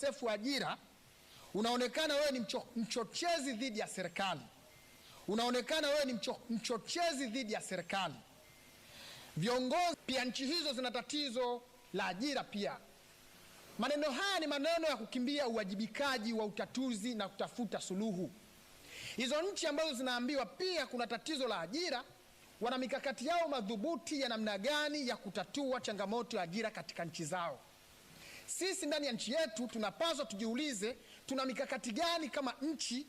ukosefu wa ajira unaonekana wewe ni mcho, mchochezi dhidi ya serikali, unaonekana wewe ni mcho, mchochezi dhidi ya serikali. Viongozi pia, nchi hizo zina tatizo la ajira pia. Maneno haya ni maneno ya kukimbia uwajibikaji wa utatuzi na kutafuta suluhu. Hizo nchi ambazo zinaambiwa pia kuna tatizo la ajira, wana mikakati yao madhubuti ya namna gani ya kutatua changamoto ya ajira katika nchi zao. Sisi ndani ya nchi yetu tunapaswa tujiulize, tuna mikakati gani kama nchi,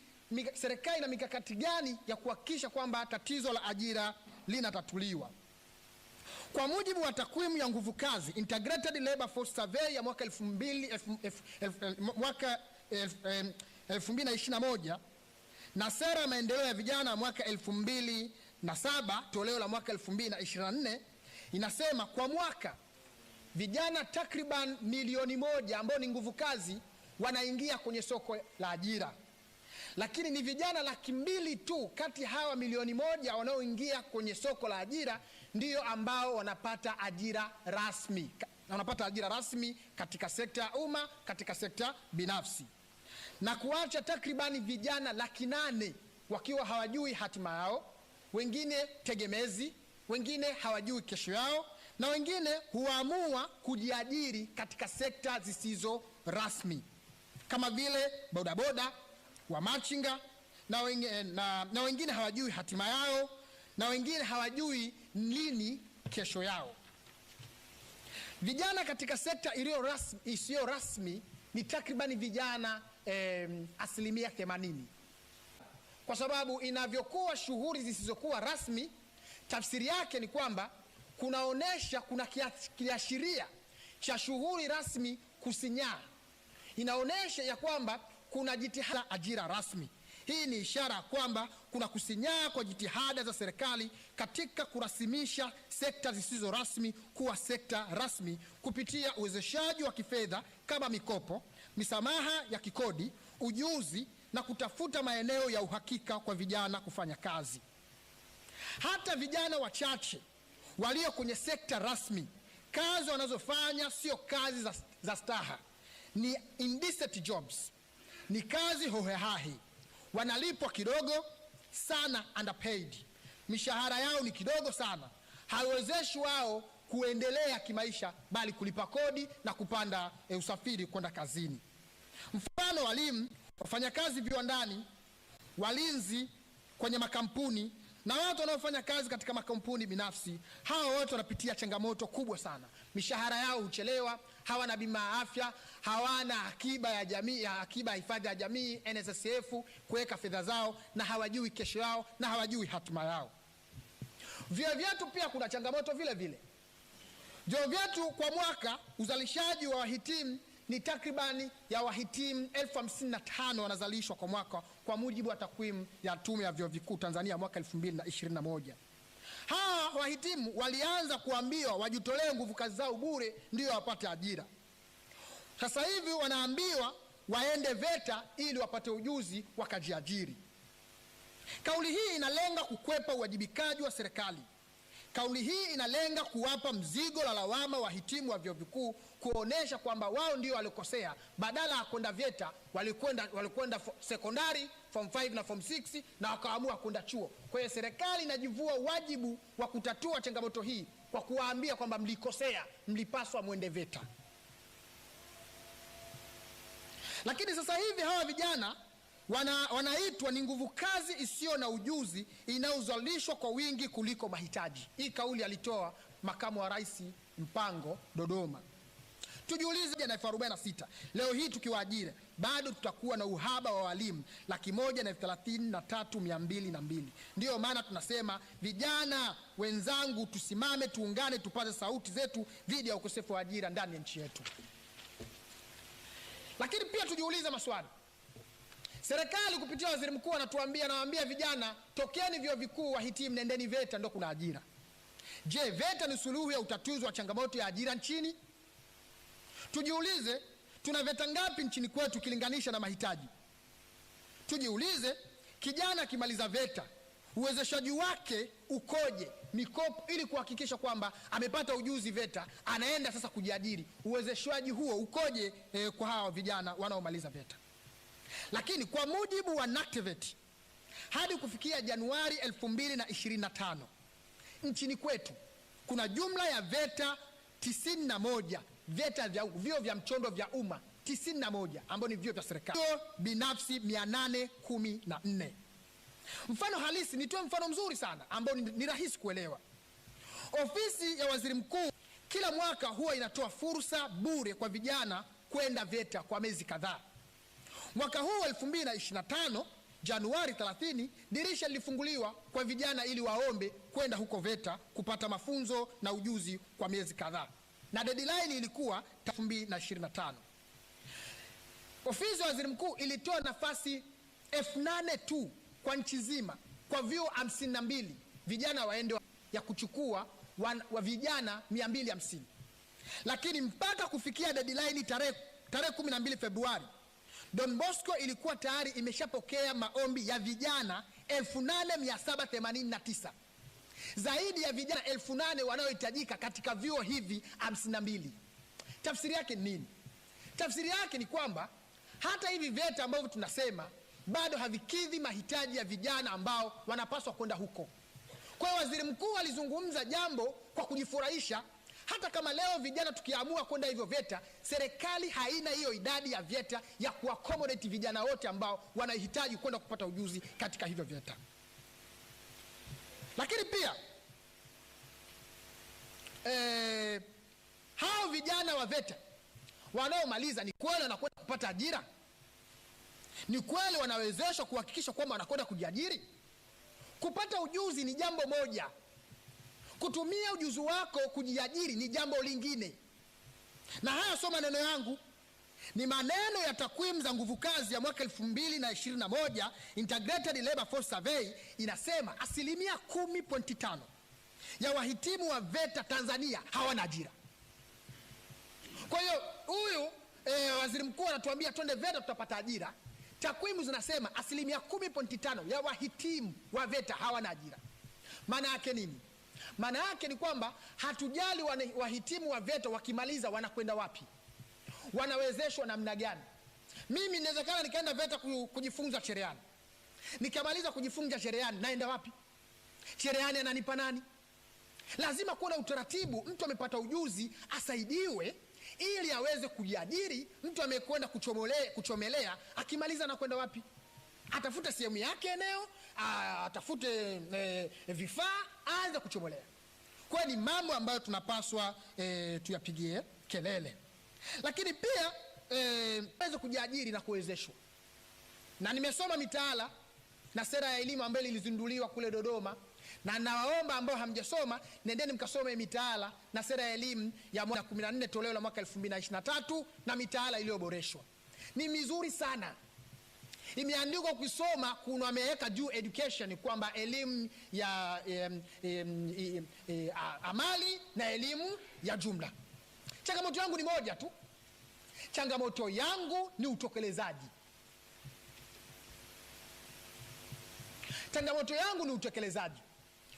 serikali ina mikakati gani ya kuhakikisha kwamba tatizo la ajira linatatuliwa. Kwa mujibu wa takwimu ya nguvu kazi Integrated Labor Force Survey ya mwaka 2021 eh, na sera ya maendeleo ya vijana ya mwaka 2007 toleo la mwaka 2024 inasema kwa mwaka vijana takriban milioni moja ambao ni nguvu kazi wanaingia kwenye soko la ajira, lakini ni vijana laki mbili tu kati hawa milioni moja wanaoingia kwenye soko la ajira ndio ambao wanapata ajira rasmi, wanapata ajira rasmi katika sekta ya umma, katika sekta binafsi, na kuacha takribani vijana laki nane wakiwa hawajui hatima yao, wengine tegemezi, wengine hawajui kesho yao na wengine huamua kujiajiri katika sekta zisizo rasmi kama vile bodaboda, machinga na wengine, na, na wengine hawajui hatima yao na wengine hawajui lini kesho yao. Vijana katika sekta isiyo rasmi ni takribani vijana eh, asilimia themanini, kwa sababu inavyokuwa shughuli zisizokuwa rasmi, tafsiri yake ni kwamba kunaonesha kuna kiashiria cha shughuli rasmi kusinyaa, inaonesha ya kwamba kuna jitihada ajira rasmi. Hii ni ishara ya kwamba kuna kusinyaa kwa jitihada za serikali katika kurasimisha sekta zisizo rasmi kuwa sekta rasmi kupitia uwezeshaji wa kifedha kama mikopo, misamaha ya kikodi, ujuzi na kutafuta maeneo ya uhakika kwa vijana kufanya kazi. Hata vijana wachache walio kwenye sekta rasmi, kazi wanazofanya sio kazi za, za staha, ni indecent jobs, ni kazi hohehahi, wanalipwa kidogo sana, underpaid. Mishahara yao ni kidogo sana, haiwezeshi wao kuendelea kimaisha, bali kulipa kodi na kupanda e, usafiri kwenda kazini. Mfano, walimu, wafanyakazi viwandani, walinzi kwenye makampuni na watu wanaofanya kazi katika makampuni binafsi, hawa wote wanapitia changamoto kubwa sana. Mishahara yao huchelewa, hawana bima ya afya, hawana akiba ya jamii, ya akiba ya hifadhi ya jamii NSSF kuweka fedha zao, na hawajui kesho yao na hawajui hatima yao. Vyuo vyetu pia kuna changamoto vile vile. Vyuo vyetu kwa mwaka uzalishaji wa wahitimu ni takribani ya wahitimu elfu hamsini na tano wanazalishwa kwa mwaka kwa mujibu wa takwimu ya Tume ya Vyuo Vikuu Tanzania mwaka 2021. Hawa wahitimu walianza kuambiwa wajitolee nguvu kazi zao bure ndio wapate ajira. Sasa hivi wanaambiwa waende VETA ili wapate ujuzi wakajiajiri. Kauli hii inalenga kukwepa uwajibikaji wa serikali Kauli hii inalenga kuwapa mzigo la lawama wahitimu wa vyuo vikuu, kuonesha kwamba wao ndio walikosea. Badala ya kwenda VETA walikwenda walikwenda sekondari form 5 na form 6 na wakaamua kwenda chuo. Kwa hiyo serikali inajivua wajibu wa kutatua changamoto hii kwa kuwaambia kwamba mlikosea, mlipaswa mwende VETA. Lakini sasa hivi hawa vijana wana, wanaitwa ni nguvu kazi isiyo na ujuzi inayozalishwa kwa wingi kuliko mahitaji. Hii kauli alitoa makamu wa rais Mpango Dodoma. Tujiulize, jana elfu arobaini na sita leo hii tukiwaajiri bado tutakuwa na uhaba wa walimu laki moja na elfu thelathini na tatu mia mbili na mbili. Ndiyo maana tunasema vijana wenzangu, tusimame, tuungane, tupate sauti zetu dhidi ya ukosefu wa ajira ndani ya nchi yetu. Lakini pia tujiulize maswali Serikali kupitia waziri mkuu anatuambia, nawaambia vijana, tokeni vyuo vikuu, wahitimu, nendeni VETA, ndo kuna ajira. Je, VETA ni suluhu ya utatuzi wa changamoto ya ajira nchini? Tujiulize, tuna VETA ngapi nchini kwetu ukilinganisha na mahitaji? Tujiulize, kijana akimaliza VETA uwezeshaji wake ukoje, mikopo ili kuhakikisha kwamba amepata ujuzi VETA, anaenda sasa kujiajiri. Uwezeshaji huo ukoje eh, kwa hawa vijana wanaomaliza VETA? Lakini kwa mujibu wa NACTVET hadi kufikia Januari 2025 nchini kwetu kuna jumla ya VETA 91 VETA vya vyuo vya mchondo vya umma 91 ambao ni vyuo vya serikali binafsi 814. Mfano halisi, nitoe mfano mzuri sana ambao ni, ni rahisi kuelewa. Ofisi ya Waziri Mkuu kila mwaka huwa inatoa fursa bure kwa vijana kwenda VETA kwa miezi kadhaa. Mwaka huu 2025 Januari 30 dirisha lilifunguliwa kwa vijana ili waombe kwenda huko VETA kupata mafunzo na ujuzi kwa miezi kadhaa, na deadline ilikuwa 2025. Ofisi ya Waziri Mkuu ilitoa nafasi 8000 tu kwa nchi nzima kwa vyuo 52 vijana waende ya kuchukua wan, wa vijana 250, lakini mpaka kufikia deadline tarehe tarehe 12 Februari Don Bosco ilikuwa tayari imeshapokea maombi ya vijana 8789 zaidi ya vijana 8000 wanaohitajika katika vyuo hivi 52. Tafsiri yake ni nini? Tafsiri yake ni kwamba hata hivi VETA ambavyo tunasema bado havikidhi mahitaji ya vijana ambao wanapaswa kwenda huko. Kwa hiyo waziri mkuu alizungumza jambo kwa kujifurahisha hata kama leo vijana tukiamua kwenda hivyo VETA, serikali haina hiyo idadi ya VETA ya kuakomodate vijana wote ambao wanahitaji kwenda kupata ujuzi katika hivyo VETA. Lakini pia eh, hao vijana wa VETA wanaomaliza ni kweli wanakwenda kupata ajira? Ni kweli wanawezeshwa kuhakikisha kwamba wanakwenda kujiajiri? Kupata ujuzi ni jambo moja, Kutumia ujuzi wako kujiajiri ni jambo lingine, na haya sio maneno yangu, ni maneno ya takwimu za nguvu kazi ya mwaka 2021 Integrated Labor Force Survey inasema asilimia 15 ya wahitimu wa VETA Tanzania hawana ajira. Kwa hiyo huyu e, waziri mkuu anatuambia twende VETA tutapata ajira. Takwimu zinasema asilimia 15 ya wahitimu wa VETA hawana ajira. Maana yake nini? Maana yake ni kwamba hatujali wahitimu wa VETA wakimaliza wanakwenda wapi, wanawezeshwa namna gani. Mimi inawezekana nikaenda VETA kujifunza cherehani, nikamaliza kujifunza cherehani, naenda wapi? Cherehani ananipa nani? Lazima kuwa na utaratibu. Mtu amepata ujuzi asaidiwe ili aweze kujiajiri. Mtu amekwenda kuchomelea akimaliza anakwenda wapi? atafute sehemu yake eneo, atafute e, vifaa, aanze kuchomolea. Kwa ni mambo ambayo tunapaswa e, tuyapigie kelele, lakini pia weze e, kujiajiri na kuwezeshwa. Na nimesoma mitaala na sera ya elimu ambayo ilizinduliwa kule Dodoma, na nawaomba ambao hamjasoma nendeni mkasome mitaala na sera ya elimu ya mwaka 14 toleo la mwaka 2023 na mitaala iliyoboreshwa ni mizuri sana imeandikwa kusoma kuna ameweka juu education kwamba elimu ya em, em, em, em, amali na elimu ya jumla. Changamoto yangu ni moja tu, changamoto yangu ni utekelezaji. Changamoto yangu ni utekelezaji.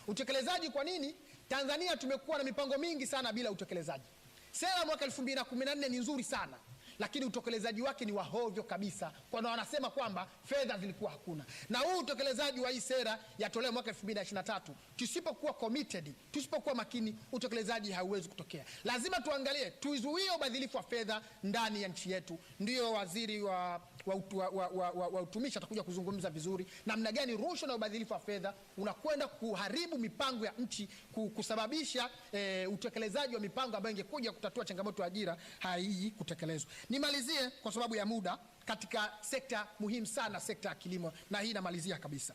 Utekelezaji kwa nini? Tanzania tumekuwa na mipango mingi sana bila utekelezaji. Sera mwaka 214 ni nzuri sana lakini utekelezaji wake ni wahovyo kabisa, kwana wanasema kwamba fedha zilikuwa hakuna. Na huu utekelezaji wa hii sera ya toleo mwaka 2023 tusipokuwa committed, tusipokuwa makini, utekelezaji hauwezi kutokea. Lazima tuangalie, tuizuie ubadhilifu wa fedha ndani ya nchi yetu. Ndiyo waziri wa wa, wa, wa, wa, wa utumishi atakuja kuzungumza vizuri namna gani rushwa na ubadhilifu wa fedha unakwenda kuharibu mipango ya nchi, kusababisha e, utekelezaji wa mipango ambayo ingekuja kutatua changamoto ya ajira haii kutekelezwa. Nimalizie kwa sababu ya muda katika sekta muhimu sana, sekta ya kilimo, na hii namalizia kabisa.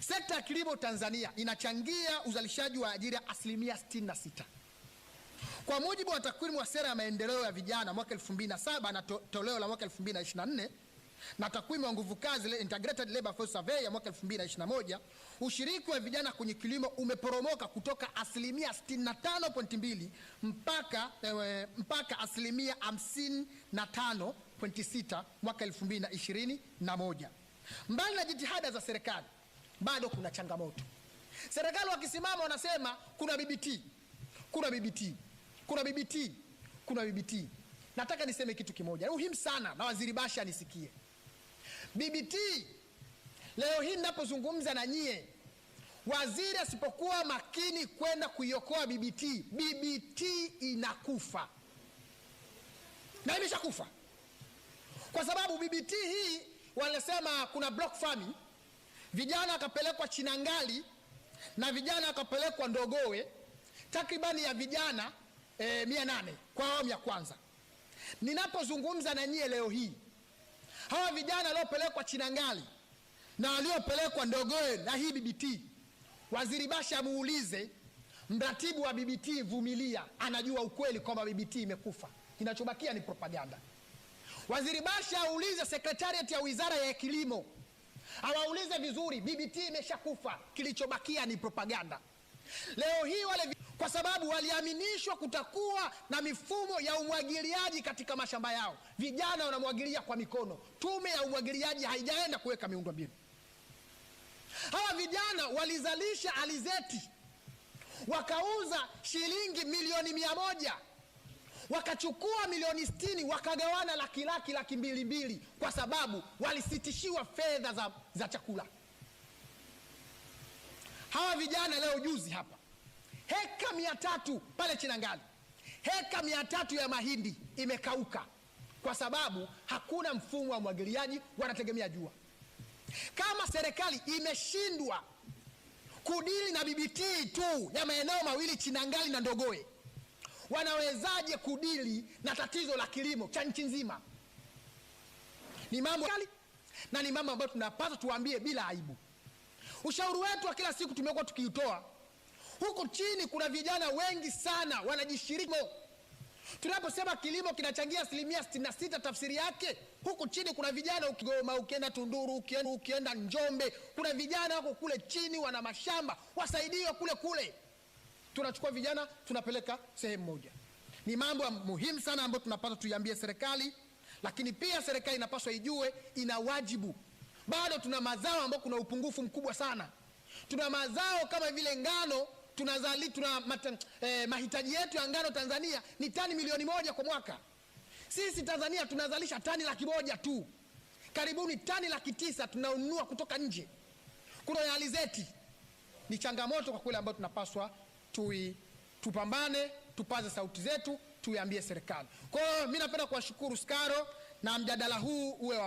Sekta ya kilimo Tanzania inachangia uzalishaji wa ajira asilimia 66. Kwa mujibu wa takwimu wa sera ya maendeleo ya vijana mwaka 2007 na to, toleo la mwaka 2024 na takwimu ya nguvu kazi Integrated Labor Force Survey ya mwaka 2021, ushiriki wa vijana kwenye kilimo umeporomoka kutoka asilimia 65.2 mpaka, eh, mpaka asilimia 55.6 mwaka 2021. Mbali na jitihada za serikali, bado kuna changamoto. Serikali wakisimama wanasema kuna BBT, kuna BBT kuna BBT, kuna BBT. Nataka niseme kitu kimoja muhimu sana, na waziri Basha anisikie. BBT leo hii ninapozungumza na nyie, waziri asipokuwa makini kwenda kuiokoa BBT, BBT inakufa na imeshakufa, kwa sababu BBT hii wanasema kuna block farming, vijana wakapelekwa Chinangali na vijana wakapelekwa Ndogowe, takribani ya vijana e, mia nane kwa awamu ya kwanza. Ninapozungumza na nyie leo hii, hawa vijana waliopelekwa Chinangali na waliopelekwa Ndogoe na hii BBT, Waziri Basha muulize mratibu wa BBT Vumilia, anajua ukweli kwamba BBT imekufa, kinachobakia ni propaganda. Waziri Basha aulize sekretariat ya wizara ya kilimo, awaulize vizuri, BBT imeshakufa, kilichobakia ni propaganda. Leo hii wale, kwa sababu waliaminishwa kutakuwa na mifumo ya umwagiliaji katika mashamba yao, vijana wanamwagilia kwa mikono. Tume ya umwagiliaji haijaenda kuweka miundo mbinu Hawa vijana walizalisha alizeti wakauza shilingi milioni mia moja wakachukua milioni stini wakagawana laki laki laki mbili mbili, kwa sababu walisitishiwa fedha za, za chakula. Hawa vijana leo juzi hapa heka mia tatu pale Chinangali, heka mia tatu ya mahindi imekauka kwa sababu hakuna mfumo wa umwagiliaji, wanategemea jua. Kama serikali imeshindwa kudili na BBT tu ya maeneo mawili Chinangali na Ndogoe, wanawezaje kudili na tatizo la kilimo cha nchi nzima? Ni mambo na ni mambo ambayo tunapaswa tuwambie bila aibu. Ushauri wetu wa kila siku tumekuwa tukiutoa huku chini. Kuna vijana wengi sana wanajishiriki. Tunaposema kilimo kinachangia asilimia 66, tafsiri yake huku chini kuna vijana ukigoma, ukienda Tunduru, ukienda, ukienda Njombe, kuna vijana wako kule chini wana mashamba, wasaidiwe kule kule. Tunachukua vijana tunapeleka sehemu moja. Ni mambo muhimu sana ambayo tunapaswa tuiambie serikali, lakini pia serikali inapaswa ijue ina wajibu bado tuna mazao ambayo kuna upungufu mkubwa sana. Tuna mazao kama vile ngano tunazali, tuna matan, eh, mahitaji yetu ya ngano Tanzania ni tani milioni moja kwa mwaka. Sisi Tanzania tunazalisha tani laki moja tu, karibuni tani laki tisa tunaununua kutoka nje. Kuna ya ni changamoto kwa kweli ambayo tunapaswa tui, tupambane tupaze sauti zetu tuiambie serikali. Kwa hiyo mi napenda kuwashukuru Skaro na mjadala huu uwe wa